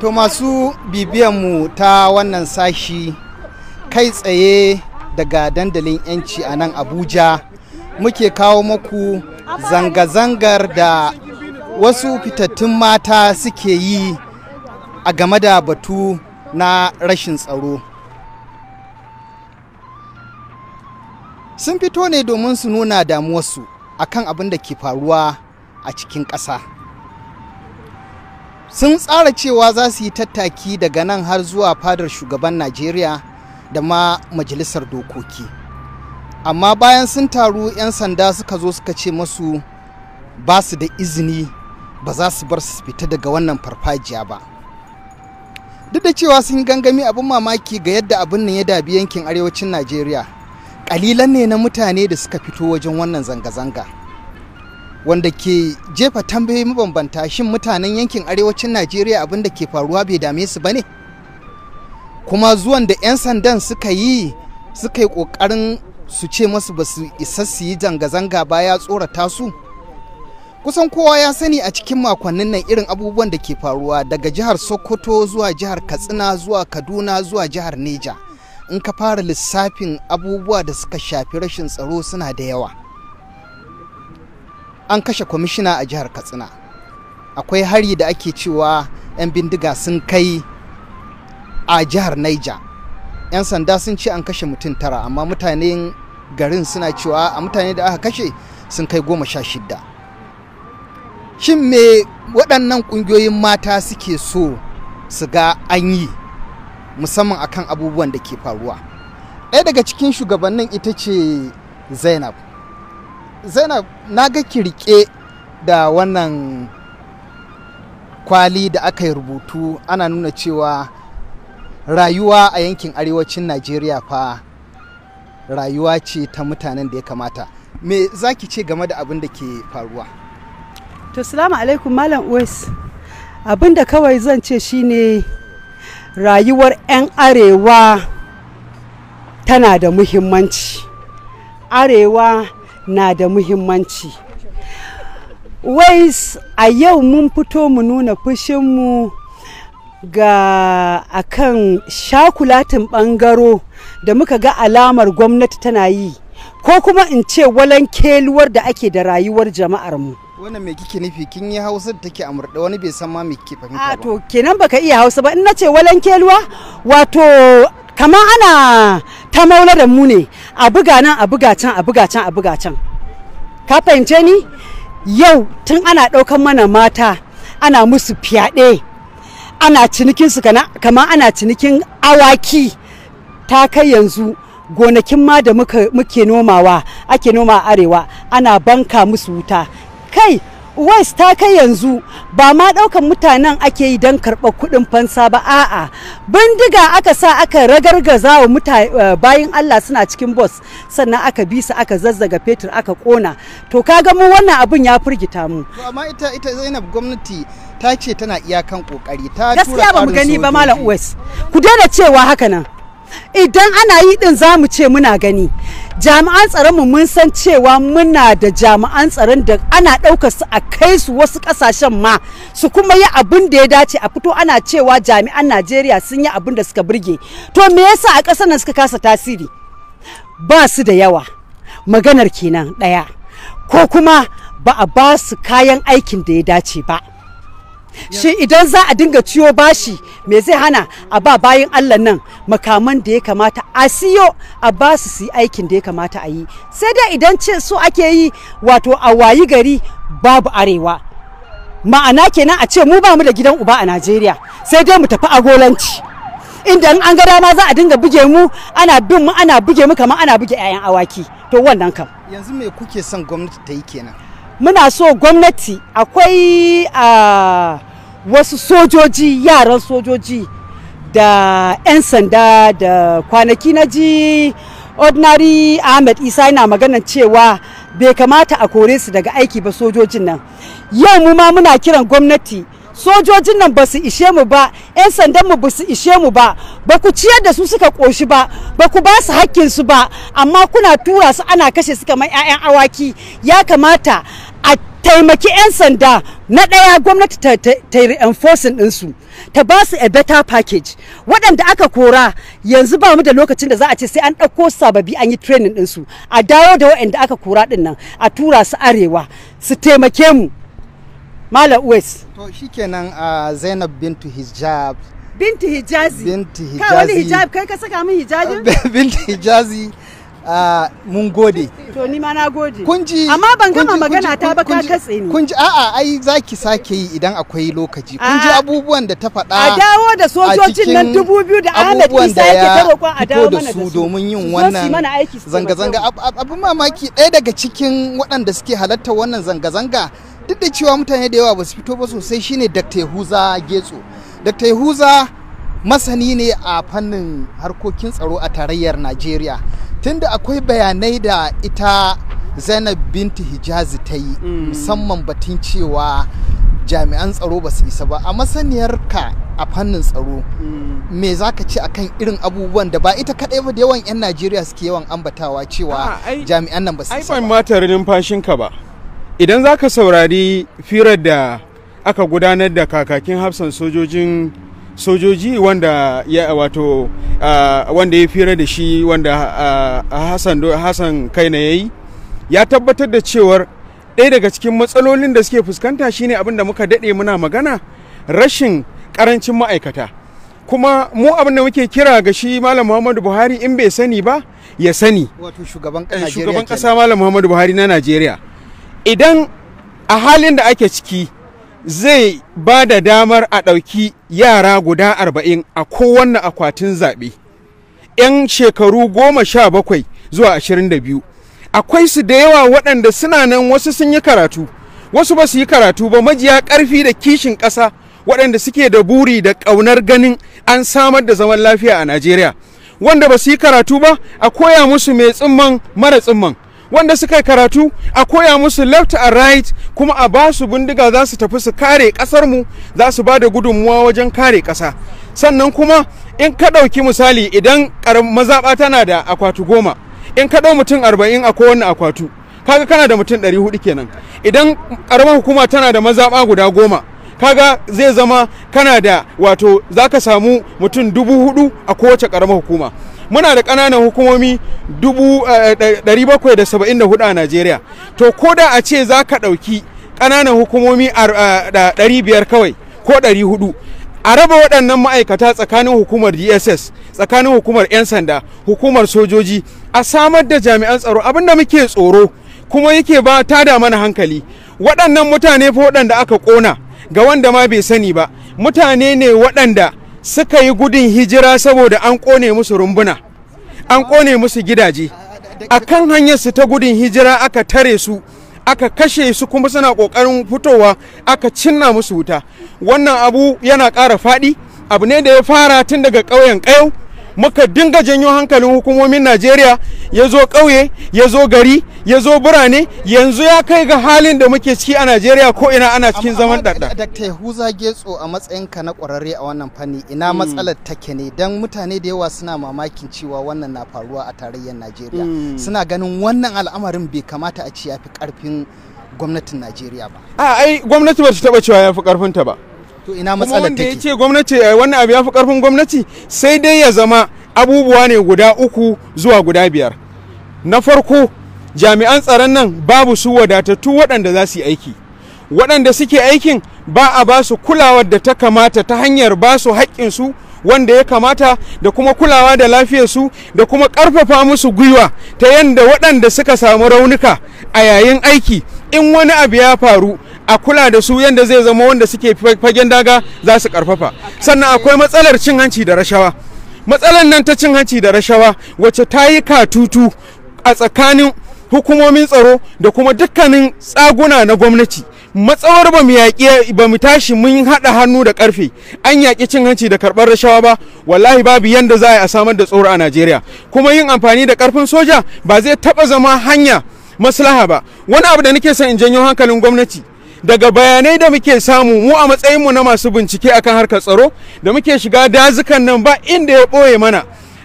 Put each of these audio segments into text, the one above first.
to masu bibiyanmu ta wannan sashi kai tsaye daga dandalin yanci a nan abuja muke kawo maku zanga-zangar da wasu fitattun mata suke yi a game da batu na rashin tsaro sun fito ne domin su nuna damuwarsu akan abin da ke faruwa a cikin ƙasa sun tsara cewa za su yi tattaki daga nan har zuwa fadar shugaban najeriya da ma majalisar dokoki amma bayan sun taru 'yan sanda suka zo suka ce masu ba su da izini ba za su bar su fita daga wannan farfajiya ba duk da cewa sun gangami abin mamaki ga yadda abin nan ya dabi yankin arewacin najeriya ƙalilan ne na mutane da suka fito wajen wannan zanga-zanga wanda ke jefa tambayoyi mabambanta shin mutanen yankin arewacin najeriya abin da ke faruwa bai dame su ba ne kuma zuwan da 'yan sandan suka yi suka yi ƙoƙarin su ce masu ba su isa su yi zanga-zanga ba ya tsorata su kusan kowa ya sani a cikin makonnin nan irin abubuwan da ke faruwa daga jihar sokoto zuwa jihar katsina zuwa kaduna zuwa jihar neja in ka fara lissafin abubuwa da suka shafi rashin tsaro suna da yawa an kashe kwamishina a jihar katsina akwai hari da ake cewa 'yan bindiga sun kai a jihar niger 'yan sanda sun ce an kashe mutum tara amma mutanen garin suna cewa a mutane da aka kashe sun kai goma sha shidda shin me waɗannan ƙungiyoyin mata suke so su ga an yi musamman akan abubuwan da ke faruwa ɗaya daga cikin shugabannin ita ce zainab zainab na ga kirke da wannan kwali da aka yi rubutu ana nuna cewa rayuwa a yankin arewacin najeriya fa rayuwa ce ta mutanen da ya kamata me za ki ce game da abin da ke faruwa to salamu alaikum malam uwais abin da kawai zan ce shine rayuwar 'yan arewa tana da muhimmanci arewa na da muhimmanci wai a yau mun fito mu nuna fushinmu ga akan shakulatin bangaro da muka ga alamar gwamnati tana yi ko kuma in ce walan keluwar da ake da rayuwar jama'ar mu wannan mai kike nufi kin yi hausa da take amurda wani bai san ma me kike fahimta ba to kenan baka iya hausa ba in nace walan keluwa wato kama ana ta maula da mu ne a buga nan a buga can a buga can a buga can ka fahimce ni yau tun ana ɗaukan mana mata ana musu fyaɗe ana cinikin su kama ana cinikin awaki ta kai yanzu gonakin ma da muke nomawa ake noma a arewa ana banka musu wuta kai west ta kai yanzu ba ma ɗaukan mutanen ake yi don karɓar kuɗin fansa ba a'a bindiga aka sa aka ragargaza wa eh, bayan allah suna cikin bus sannan aka bi su aka zazzaga fetur aka kona to kaga mu wannan abin ya firgita mu amma ita ita zainab gwamnati ta ce tana iyakan kokari ta tura gaskiya ba mu gani ba malam west ku daina cewa haka nan idan ana yi din za mu ce muna gani jami'an tsaronmu mun san cewa muna da jami'an tsaron da ana ɗaukar su a kai su wasu ƙasashen ma su kuma yi abin da ya dace a fito ana cewa jami'an najeriya sun yi abin da suka burge to me yasa a ƙasar nan suka kasa tasiri ba su da yawa maganar kenan ɗaya ko kuma ba a ba su kayan aikin da ya dace ba shi idan za a dinga ciyo bashi me zai hana a ba bayan allah nan makaman da ya kamata a siyo a ba su su aikin da ya kamata a yi sai dai idan ce so ake yi wato a wayi gari babu arewa ma'ana kenan a ce mu ba mu da gidan uba a najeriya sai dai mu tafi agolanci inda in an ga dama za a dinga buge mu ana bin mu ana buge mu kamar ana buge 'ya'yan awaki to wannan kam yanzu me kuke son gwamnati ta yi kenan muna so gwamnati akwai a wasu sojoji yaran sojoji da 'yan sanda da kwanaki na ji ordinary ahmed isa yana maganan cewa bai kamata a kore su daga aiki ba sojojin nan yau mu ma muna kiran gwamnati sojojin nan ba su ishe mu ba 'yan sandan mu ba su ishe mu ba ba ku ciyar da su suka koshi ba ba ku ba su hakkin su ba amma kuna tura su ana kashe su kamar 'ya'yan awaki ya kamata a taimaki 'yan sanda na ɗaya gwamnati ta, ta, ta reinforcing ɗinsu ta ba su a better package waɗanda aka kora yanzu ba mu da lokacin da za a ce sai an ɗauko sababi an yi training ɗinsu a dawo da waɗanda aka kora ɗin nan a tura su arewa su taimake mu Malam Uwais. To shikenan a Zainab Bintu Hijab binti hijazi binti hijazi kai wani hijab kai ka saka min hijabin binti hijazi Ah, mun gode to ni ma na gode kunji amma ban gama magana ta ba ka katse ni kunji a'a ai zaki sake yi idan akwai lokaci kunji ah. abubuwan da ta faɗa a dawo da sojojin nan 2000 da Ahmed Isa yake ta roƙon a dawo mana da su domin yin wannan zanga zanga abin mamaki ɗaya daga cikin waɗanda suke halarta wannan zanga zanga duk da cewa mutane da yawa ba su fito ba sosai shine Dr. Yahuza Getso Dr. Yahuza masani ne a fannin harkokin tsaro a tarayyar najeriya tunda akwai bayanai da ita zainab binti hijazi ta yi mm. musamman batun cewa jami'an tsaro ba su isa ba a ka a fannin tsaro mm. me za ka ce akan irin abubuwan da ba ita kadai ba da yawan 'yan najeriya suke yawan ambatawa cewa jami'an nan ba su isa ba. ma numfashinka ba idan za ka saurari firar da aka gudanar da kakakin hafsan sojojin sojoji wanda ya wato wanda ya fira da shi wanda hassan hassan kaina ya yi ya tabbatar da cewar ɗaya daga cikin matsalolin da suke fuskanta shine abin da muka daɗe muna magana rashin ƙarancin ma'aikata kuma mu abin da muke kira ga shi malam muhammadu buhari in bai sani ba ya sani wato shugaban ƙasa eh, malam muhammadu buhari na najeriya idan a halin da ake ciki zai ba da damar a ɗauki yara guda arba'in a kowanne akwatin zaɓe 'yan shekaru goma sha bakwai zuwa ashirin da biyu akwai su da yawa waɗanda suna nan wasu sun yi karatu wasu ba su yi karatu ba majiya ƙarfi da kishin ƙasa waɗanda suke da buri da ƙaunar ganin an samar da zaman lafiya a najeriya wanda ba su yi karatu ba a koya musu mai tsimman mara tsimman wanda suka yi karatu a koya musu left and right kuma a ba su bindiga za su tafi su kare kasar mu za su ba da gudunmuwa wajen kare kasa sannan kuma in ka ɗauki misali idan mazaɓa tana da akwatu goma in ka ɗau mutum arba'in a kowane akwatu kaga kana da mutum ɗari hudu kenan idan ƙaramar hukuma tana da mazaɓa guda goma kaga zai zama kana da wato za ka samu mutum dubu hudu a kowace karamar hukuma muna da ƙananan hukumomi eh, hudu a najeriya to ko da a ce za ka ɗauki ƙananan hukumomi eh, biyar kawai ko hudu a raba waɗannan ma'aikata tsakanin hukumar dss tsakanin hukumar 'yan sanda hukumar sojoji a samar da jami'an tsaro abin da muke tsoro kuma yake ba da mana hankali waɗannan mutane fa waɗanda aka ƙona ga wanda ma bai sani ba mutane ne waɗanda suka yi gudun hijira saboda an ƙone musu rumbuna an ƙone musu gidaje a kan hanyarsu ta gudun hijira aka tare su aka kashe su kuma suna ƙoƙarin fitowa aka cinna musu wuta wannan abu yana ƙara faɗi abu ne da ya fara tun daga ƙauyen ƙayau muka dinga janyo hankalin hukumomin najeriya ya zo ƙauye ya zo gari ya zo birane yanzu ya kai ga halin da muke ciki a najeriya ko ina ana cikin zaman ɗaɗɗa dakta yahuza getso a matsayinka na ƙwararre a wannan fanni ina mm. matsalar take ne don mutane da yawa suna mamakin cewa wannan na faruwa a tarayyar najeriya mm. suna ganin wannan al'amarin bai kamata a ce ya fi ƙarfin gwamnatin najeriya ba a ai gwamnati ba ta taɓa cewa ya fi ƙarfinta ba to ina matsalar take kuma wanda ya ce gwamnati wannan abu ya fi ƙarfin gwamnati sai dai ya zama abubuwa ne guda uku zuwa guda biyar na farko jami'an tsaron nan babu su wadatattu waɗanda za su yi aiki waɗanda suke aikin ba a ba su kulawar da ta kamata ta hanyar ba su haƙƙinsu wanda ya kamata da kuma kulawa da lafiyarsu da kuma ƙarfafa musu gwiwa ta yadda waɗanda suka samu raunuka a yayin aiki in wani abu ya faru a kula da su yadda zai zama wanda suke fagen daga za su ƙarfafa sannan akwai matsalar cin hanci da rashawa matsalar nan ta cin hanci da rashawa wacce ta yi katutu a tsakanin hukumomin tsaro da kuma dukkanin tsaguna na gwamnati matsawar ba mu yaƙi ba mu tashi mun haɗa hannu da ƙarfe an yaƙi cin hanci da karɓar rashawa ba wallahi babu yadda za a samar da tsoro a najeriya kuma yin amfani da ƙarfin soja ba zai taɓa zama hanya maslaha ba wani abu da nake son in janyo hankalin gwamnati daga bayanai da muke samu mu a matsayinmu na masu bincike akan harkar tsaro da muke shiga dazukan nan ba inda ya ɓoye mana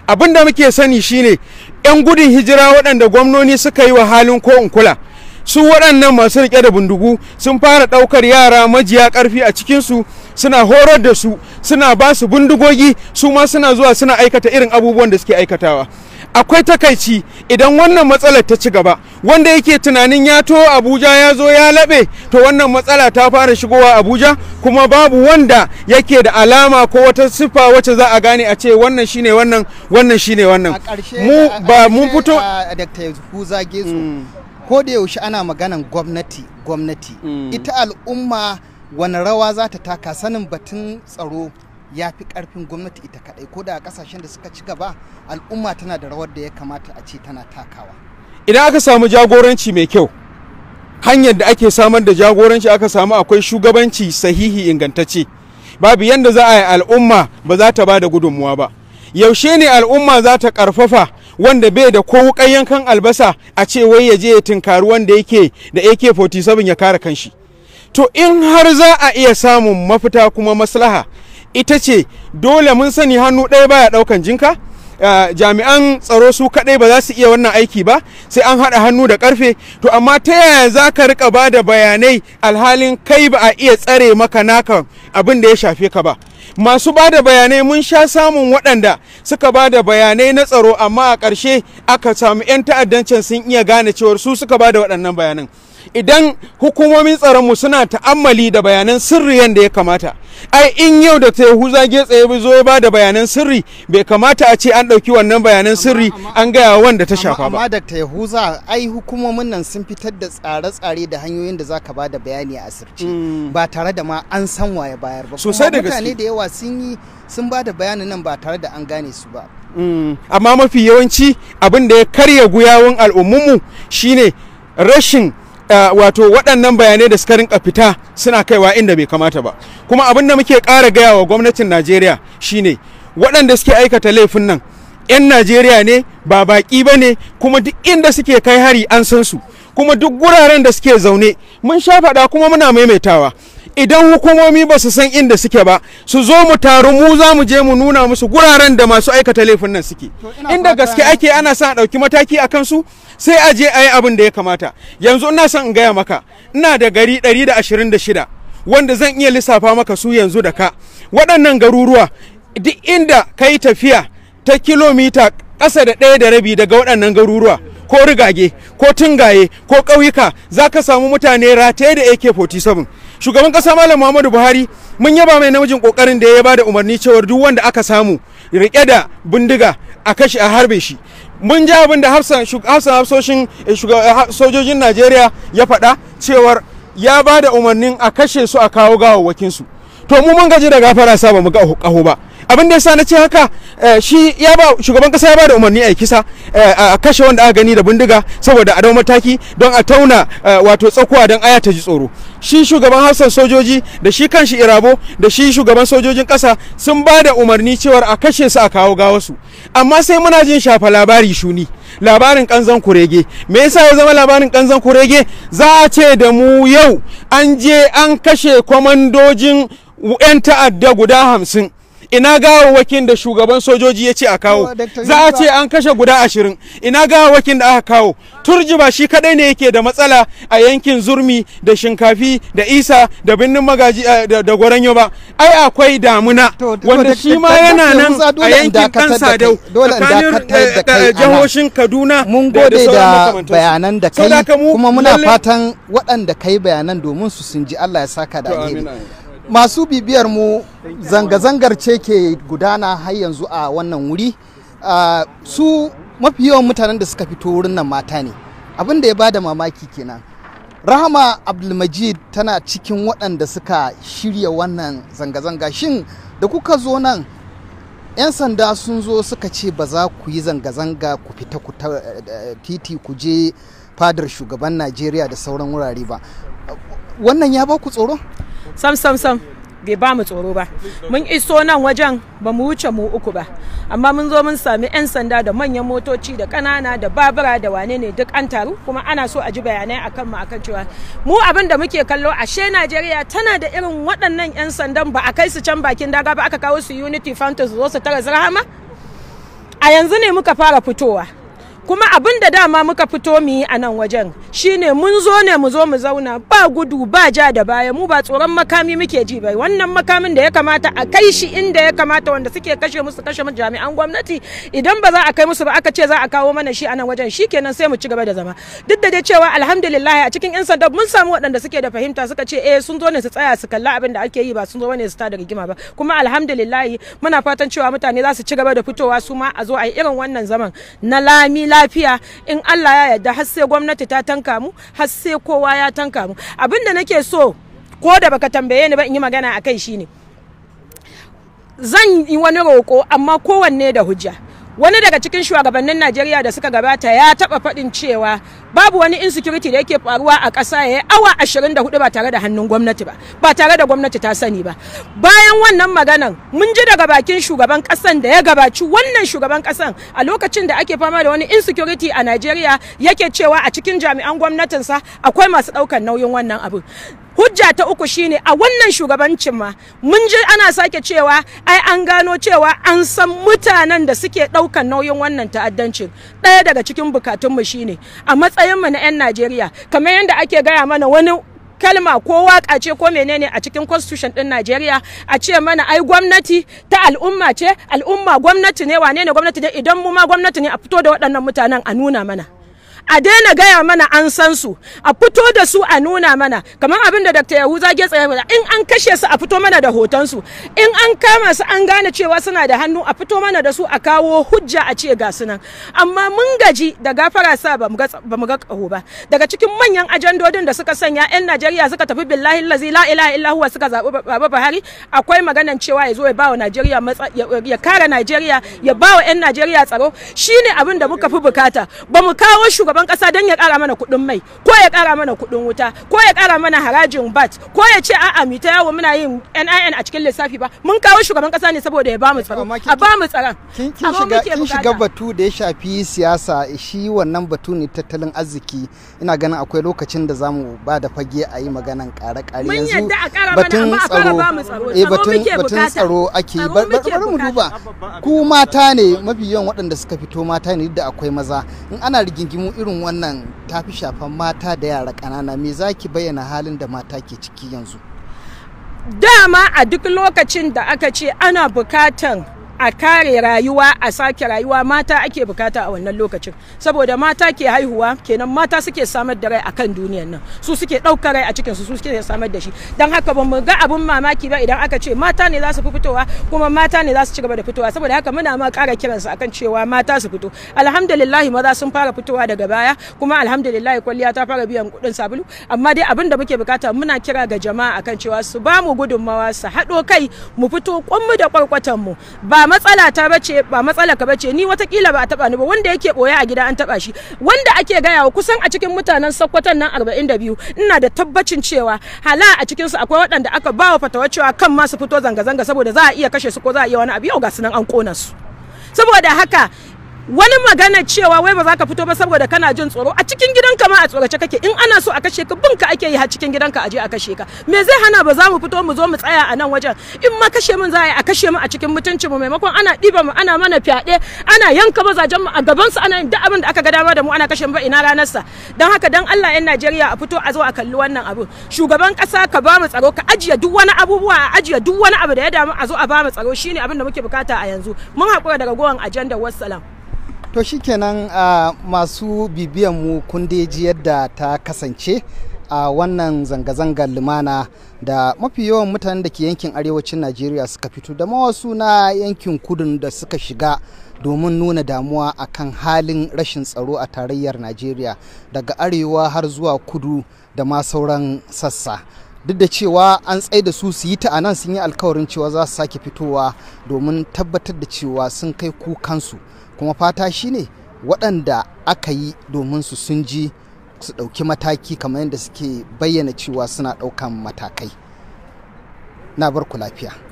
abin da muke sani shine 'yan gudun hijira waɗanda gwamnoni suka yi wa halin ko in kula su waɗannan masu riƙe da bindigu sun fara ɗaukar yara majiya ƙarfi a cikinsu suna horar da su suna ba su bindigogi su ma suna zuwa suna aikata irin abubuwan da suke aikatawa akwai takaici idan wannan matsalar ta ci gaba wanda yake tunanin ya to abuja ya zo ya laɓe to wannan matsala ta fara shigowa abuja kuma babu wanda yake da alama ko wata siffa wacce za a gane a ce wannan shine wannan wannan shine wannan mu ba mun fito mm. ko da yaushe ana maganan gwamnati gwamnati mm. ita al'umma wani rawa za ta taka sanin batun tsaro ya fi karfin gwamnati ita kadai ko da kasashen da suka ci gaba al'umma tana da rawar da ya kamata a ce tana takawa idan aka samu jagoranci mai kyau hanyar da ake samar da jagoranci aka samu akwai shugabanci sahihi ingantacce babu yadda za a yi al'umma ba za ta ba da gudunmuwa ba yaushe ne al'umma za ta karfafa wanda bai da ko wukan yankan albasa a ce wai ya je ya tinkari wanda yake da ak-47 ya kare kanshi to in har za a iya samun mafita kuma maslaha ita ce dole mun sani hannu ɗaya baya ɗaukan jinka ah, jami'an tsaro su kaɗai ba za su iya wannan aiki ba sai an haɗa hannu da ƙarfe to amma ta yaya za ka riƙa ba da bayanai alhalin kai ba a iya tsare maka naka abin da ya shafe ka ba masu ba da bayanai mun sha samun waɗanda suka ba da bayanai na tsaro amma a ƙarshe aka samu 'yan ta'addancin sun iya gane cewar su suka ba da waɗannan bayanan idan hukumomin tsaronmu suna ta'ammali da bayanan sirri yadda ya kamata ai in yau da yahuza getsa ya zo ya ba da bayanan sirri bai kamata a ce an ɗauki wannan bayanan sirri an gaya wanda ta shafa ba amma da yahuza ai hukumomin nan sun fitar da tsare-tsare da hanyoyin da za ka ba da bayani a asirce hmm. ba tare da ma an san waye bayar ba sosai da gaske mutane da yawa sun yi sun ba da nan ba tare da an gane su ba hmm. amma mafi yawanci abin da ya karya guyawun al'ummunmu shine rashin wato waɗannan bayanai da suka rinka fita suna kaiwa inda bai kamata ba kuma abin da muke ƙara gaya wa gwamnatin najeriya shine waɗanda suke aikata laifin nan 'yan najeriya ne ba baƙi ba ne kuma duk inda suke kai hari an san su kuma duk guraren da suke zaune mun sha faɗa kuma muna maimaitawa idan hukumomi ba su san inda suke ba su zo mu taru mu za mu je mu nuna musu guraren da masu aikata laifin nan suke inda gaske ake ana son a ɗauki mataki a kansu sai a je a yi abin da ya kamata yanzu ina son in gaya maka ina da gari 126 wanda zan iya lissafa maka su yanzu da ka waɗannan garuruwa duk inda ka yi tafiya ta kilomita ƙasa da ɗaya da rabi daga waɗannan garuruwa ko rigage ko tungaye ko ƙauyuka za ka samu mutane rataye da ak-47 shugaban ƙasa malam muhammadu buhari mun yaba mai namijin ƙoƙarin da ya ba da umarni cewar duk wanda aka samu rike da bindiga a kashe a harbe shi mun ji abin da hafsan hafsoshin eh, eh, sojojin najeriya ya faɗa cewar ya ba da umarnin a kashe su a kawo gawawwakinsu to mu mun gaji da gafara sa ba mu ga ƙaho ba abin da yasa na ce haka eh, shi ya ba shugaban kasa ya ba da umarni a kisa eh, a kashe wanda aka gani da bindiga saboda a dau mataki don a tauna eh, wato tsakuwa don aya ta ji tsoro shi shugaban hausan sojoji da shi kanshi irabo da shi shugaban sojojin kasa sun ba da umarni cewar a kashe su a kawo gawasu amma sai muna jin shafa labari shuni labarin kanzan kurege me yasa ya zama labarin kanzan kurege za a ce da mu yau an je an kashe kwamandojin 'yan ta'adda guda hamsin ina gawawwakin da shugaban sojoji ya ce a kawo za a ce an kashe guda ashirin ina gawawwakin da aka kawo turji ba shi kadai ne yake da matsala a yankin zurmi da shinkafi da isa da birnin magaji eh, da goranyo ba ai akwai damuna wanda shi ma yana nan a yankin kan sadau tsakanin eh, eh, jihohin kaduna mun gode da bayanan da kai kuma muna fatan waɗanda kai bayanan domin su sun ji allah ya saka da alheri masu bibiyar mu zanga-zangar ce ke gudana har yanzu a wannan wuri ah, su mafi yawan mutanen da suka fito wurin nan mata ne abin da ya bada mamaki kenan rahama abdulmajid tana cikin waɗanda suka shirya wannan zanga-zanga shin da kuka zo nan 'yan sanda sun zo suka ce ba za ku yi zanga-zanga ku fita ku eh, titi ku je fadar shugaban najeriya da sauran wurare ba wannan ya ba ku tsoro sam sam sam bai ba mu tsoro ba mun iso nan wajen ba mu wuce mu uku ba amma mun zo mun sami 'yan sanda da manyan motoci da ƙanana da babura da wane ne duk an taru kuma ana so a ji bayanai akan mu akan cewa mu abin da muke kallo ashe Najeriya tana da irin waɗannan 'yan sandan ba a kai su can bakin daga ba aka kawo su Unity Fountain su zo su tara zirhama a yanzu ne muka fara fitowa kuma abin da dama muka fito mu yi a nan wajen shine mun zo ne mu zo mu zauna ba gudu ba ja da baya mu ba tsoron makami muke ji bai wannan makamin da ya kamata a kai shi inda ya kamata wanda suke kashe musu kashe mu jami'an gwamnati idan ba za a kai musu ba aka ce za a kawo mana shi a nan wajen shikenan sai mu ci gaba da zama duk da dai cewa alhamdulillah a cikin yan sanda mun samu waɗanda suke da fahimta suka ce eh sun zo ne su tsaya su kalla abin da ake yi ba sun zo ne su tada rigima ba kuma alhamdulillah muna fatan cewa mutane za su ci gaba da fitowa su ma a zo a yi irin wannan zaman na lami lafiya in Allah ya yarda har sai gwamnati ta tanka mu har sai kowa ya tanka mu abin da nake so ko da baka tambaye ni ba in yi magana akai shine zan yi wani roko amma kowanne da hujja wani daga cikin shugabannin najeriya da suka gabata ya taba faɗin cewa babu wani insecurity da yake faruwa a ƙasa ya yi awa 24 ba tare da hannun gwamnati ba ba tare da gwamnati ta sani ba bayan wannan maganan mun ji daga bakin shugaban ƙasan da ya gabaci wannan shugaban ƙasan a lokacin da ake fama da wani insecurity a najeriya yake cewa a cikin jami'an gwamnatinsa akwai masu ɗaukar nauyin wannan abin hujja ta uku shine a wannan shugabancin ma mun ji ana sake cewa ai an gano cewa an san mutanen da suke ɗaukan nauyin wannan ta'addancin ɗaya daga cikin bukatunmu shine a matsayinmu na 'yan najeriya kamar yadda ake gaya mana wani kalma ko waka ce ko menene a cikin constitution din Najeriya a ce mana ai gwamnati ta al'umma ce al'umma gwamnati ne wane ne gwamnati ne idan mu ma gwamnati ne a fito da waɗannan mutanen a nuna mana a daina gaya mana an san su a fito da su a nuna mana kamar abin da dr yahuza getsa tsaye in an kashe su a fito mana da hoton su in an kama su an gane cewa suna da hannu a fito mana da su a kawo hujja a ce ga sunan amma mun gaji da gafara sa ba mu ga kaho ba daga cikin manyan ajandodin da suka sanya yan najeriya suka tafi billahi lazi la ilaha illa huwa suka zabi baba buhari akwai maganan cewa ya zo ya bawa najeriya ya kare najeriya ya bawa yan najeriya tsaro shine abin da muka fi bukata ba mu kawo shugaba shugaban kasa don ya kara mana kuɗin mai ko ya kara mana kuɗin wuta ko ya kara mana harajin bat ko ya ce a'a mu ta yawo muna yin NIN a cikin lissafi ba mun kawo shugaban kasa ne saboda ya bamu tsaro a bamu tsaron kin shiga kin shiga batu da ya shafi siyasa shi wannan batu ne tattalin arziki ina ganin akwai lokacin da zamu ba da fage a yi maganan kare kare yanzu batun tsaro eh batun batun tsaro ake bari mu duba ku mata ne mafi yawan waɗanda suka fito mata ne duk da akwai maza in ana rigingimu irin wannan ta fi shafan mata da yara ƙanana me za ki bayyana halin da mata ke ciki yanzu dama a duk lokacin da aka ce ana bukatan a kare rayuwa a sake rayuwa mata ake bukata a wannan lokacin saboda mata ke haihuwa kenan mata suke samar da rai a kan duniyar nan su suke ɗaukar rai a cikin su suke samar da shi don haka ba mu ga abun mamaki ba idan aka ce mata ne za su fi fitowa kuma mata ne za su ci gaba da fitowa saboda haka muna ma ƙara kiransu akan cewa mata su fito alhamdulillah maza sun fara fitowa daga baya kuma alhamdulillah kwalliya ta fara biyan kuɗin sabulu amma dai abin da muke bukata muna kira ga jama'a akan cewa su ba mu gudunmawa su haɗo kai mu fito kwanmu da kwarkwatan mu ba matsala ta bace ba matsala ka bace ni wata watakila ba a taba ni ba wanda yake boye a gida an taba shi wanda ake gaya wa kusan a cikin mutanen sakkwatan nan 42 ina da tabbacin cewa hala a cikin su akwai waɗanda aka ba wa fatawa cewa kan ma su fito zanga zanga saboda za a iya kashe su ko za a iya wani abu yau ga sunan an kona su saboda haka wani magana cewa wai ba za ka fito ba saboda kana jin tsoro a cikin gidanka ma a tsorace kake in ana so a kashe ka bin ka ake yi a cikin gidanka a je a kashe ka me zai hana ba za mu fito mu zo mu tsaya a nan wajen in ma kashe mun za a yi a kashe mu a cikin mutuncin mu maimakon ana diba mu ana mana fyaɗe ana yanka mazajen mu a gaban su ana yin duk abin da aka ga dama da mu ana kashe mu ba ina ranar sa dan haka dan Allah yan Najeriya a fito a zo a kalli wannan abu shugaban kasa ka ba mu tsaro ka ajiye duk wani abubuwa a ajiye duk wani abu da ya damu a zo a ba mu tsaro shine abin da muke bukata a yanzu mun haƙura daga gowan ajandar wassalam to shikenan uh, masu bibiyan mu kundeji yadda ta kasance a wannan zanga-zangar lumana da mafi yawan mutanen da ke yankin arewacin najeriya suka fito da mawasu na yankin kudun da suka shiga domin nuna damuwa a kan halin rashin tsaro a tarayyar najeriya daga arewa har zuwa kudu da ma sauran sassa duk da cewa an tsaye da su su yi ta anan sun yi alkawarin cewa za su sake fitowa domin tabbatar da cewa sun kai kukansu kuma fata shi ne waɗanda aka yi domin su sun ji su ɗauki mataki kamar yadda suke bayyana cewa suna ɗaukan matakai na barku lafiya